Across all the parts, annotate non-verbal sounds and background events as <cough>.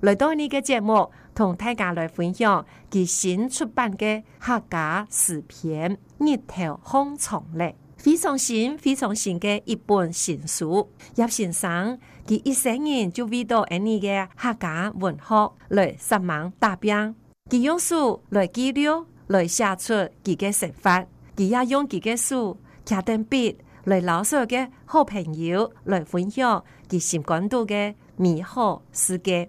來到呢個節目，同大家來分享佢新出版的客家詩篇《日頭起床了》咧，非常新非常新的一本新書。葉先生佢一世人就遇到呢個客家文學，來十網打拼。佢用書來記錄來寫出佢個想法，佢要用佢個書夾點筆嚟老少的好朋友來分享佢心感到的美好世界。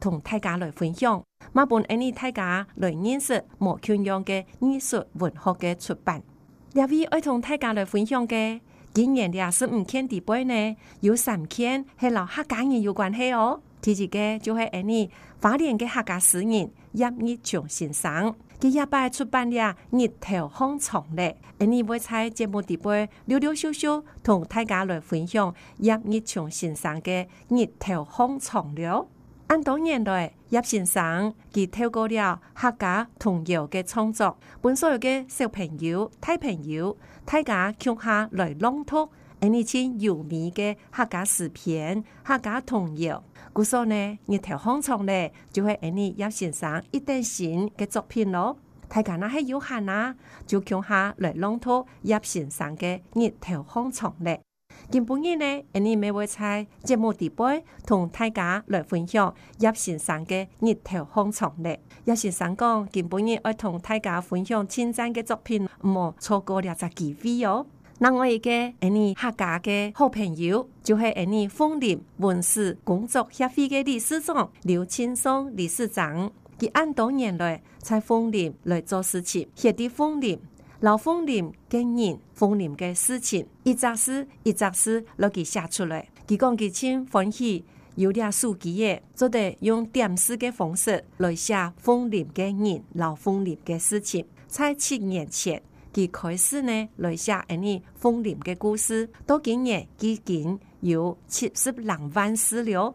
同大家來分享，馬本誒 n 大家來認識莫瓊樣嘅藝術文學嘅出版。因位愛同大家來分享嘅，今年嘅也五天見第二呢，有三篇係老客家人有關係哦。第二個就係誒 n y 花蓮嘅客家詩人葉日松先生。佢一擺出版嘅啊，日頭起床咧。誒 n y 買菜節目第二，溜溜羞羞同大家來分享，葉日松先生嘅日頭起床了。按多年來，葉先生佢透過了客家童謠嘅創作，本所有嘅小朋友、太朋友、大家共下來朗讀，呢啲有名嘅客家詩篇、客家童謠，故所呢日頭起床了，就會係呢葉先生一啲鮮嘅作品咯。大家嗱係有限啊，就共下來朗讀葉先生嘅日頭起床了。今晡日呢，喺你每位在節目直播同大家來分享葉先生嘅日頭起床了。葉先生講今晡日愛同大家分享千山嘅作品，唔好錯過呢隻機會哦。那我嘅喺你客家嘅好朋友，就係喺你楓林文史工作協會嘅理事長劉青松理事長，佢按當年來喺楓林來做事情，喺啲楓林。老鳳林嘅年鳳林的事情，一集詩一集詩攞給寫出來。佢講佢先歡喜有啲啊數據就得用電視嘅方式來寫鳳林嘅年，老鳳林的事情。在七年前，佢開始呢來寫誒呢鳳林嘅故事，到今年已經有七十兩萬字了。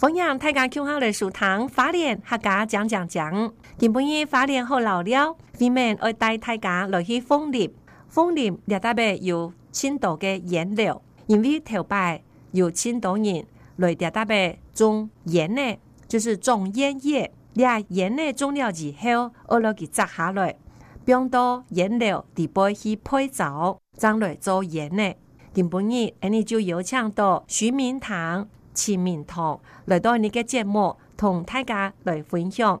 逢人大家看花的樹堂花蓮客家講講講。今晡日花蓮好老了，你們要帶大家來去鳳林，鳳林熱代嚟有青度嘅燃料，因為頭擺有青島人來熱代嚟種鹽呢，就是種煙葉。你鹽內種了以後，我落去摘下來，放到燃料底部去配造，將來做鹽呢。今晡日，而你就有請到徐明堂。齊明堂來到你個節目同大家來分享。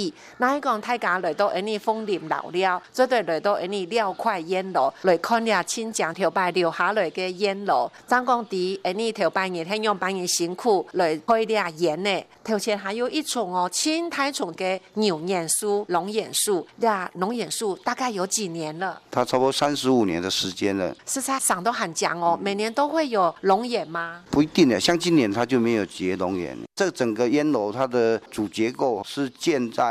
那一講大家，來到安尼鳳林老了，最對來到安尼料塊煙樓，來看一下千丈頭擺留下來嘅煙樓。張公弟安尼頭板也天用板也辛苦來開啲啊煙呢。頭前還有一叢哦，千太叢嘅牛眼樹、龍眼樹，倆龍眼樹大概有幾年了？它差不多三十五年的時間了。是它長都很長哦，每年都會有龍眼嗎？不一定誒，像今年它就沒有結龍眼。這整個煙樓它的主結構是建在。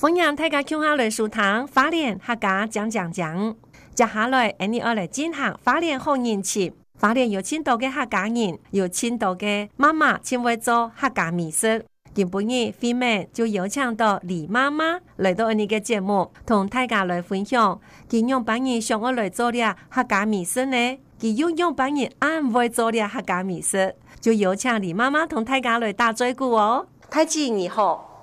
歡迎大家看下雷樹堂，花連客家講講講，接下來阿你我嚟進行花連好人氣，花連有簽到嘅客家人，有簽到嘅媽媽簽位做客家美食。原本二飛妹就邀請到李媽媽來到阿你嘅節目，同大家來分享。佢用本人上我嚟做啲客家美食呢，佢用用本人按會做啲客家美食，就邀請李媽媽同大家嚟打嘴鼓哦。太正你好。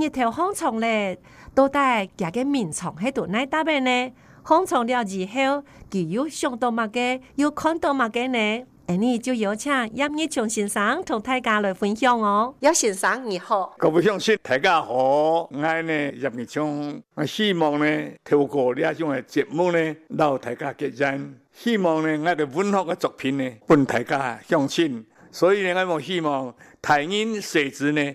一條方床咧，都帶幾個眠床喺度，你搭咩咧？方床了以後，有欸、就有上到乜嘅，有看到乜嘅呢？你就要請葉日松先生同大家來分享哦。葉先生你好，各位鄉親大家好，我係呢葉日松，我希望呢透過呢一種嘅節目呢，讓大家結識，希望呢我的文學嘅作品呢，分大家相信，所以呢我希望台音設置呢。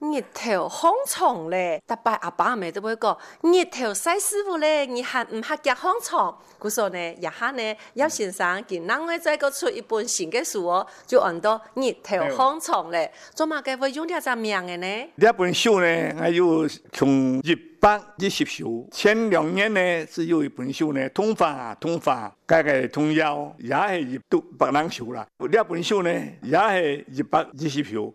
日頭起床咧，逐擺阿爸咪都、就是、會講日頭曬師傅咧，而係唔係夾起床。古說咧，以下咧，葉先生今讓我再個出一本新嘅書哦，就叫做日頭起床咧，做乜嘢會用呢個名嘅呢？呢一本書咧，我有從一百二十首，前兩年咧，是有一本書呢，通法通法，加個通腰，也係一多百人收啦。呢一本書咧，也係一百二十首。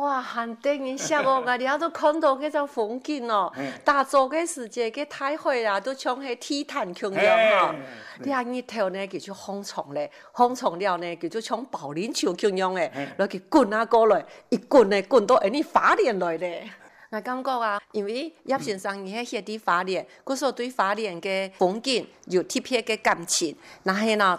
哇，山頂伊石哦，阿你阿都看到搿種風景哦， <laughs> 大洲搿世界皆太好啊，都像係天堂咁樣吼。 <laughs> 你阿日頭呢，叫做放長咧，放長了呢，叫做像寶林樹咁樣誒，落去 <laughs> 滾啊過來，一滾呢滾到誒你花蓮來嘞。 <laughs> 我感覺啊，因為葉先生伊喺下底花蓮，故所、嗯、對花蓮嘅風景有特別嘅感情，那係喏。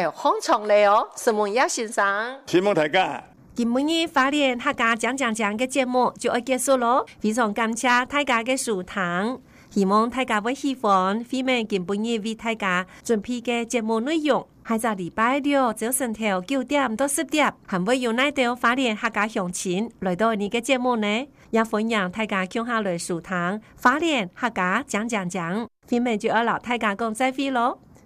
歡迎、哎、來哦，承蒙一先生，承蒙大家，今本日花蓮客家講講講嘅節目就要結束咯。非常感謝大家嘅收聽，希望大家會喜歡。後面今本日為大家準備嘅節目內容，喺就禮拜六早上頭九點到十點，還會有呢條花蓮客家向前來到你嘅節目呢，要歡迎大家聽下來收聽花蓮客家講講講，後面就要老大家講再會咯。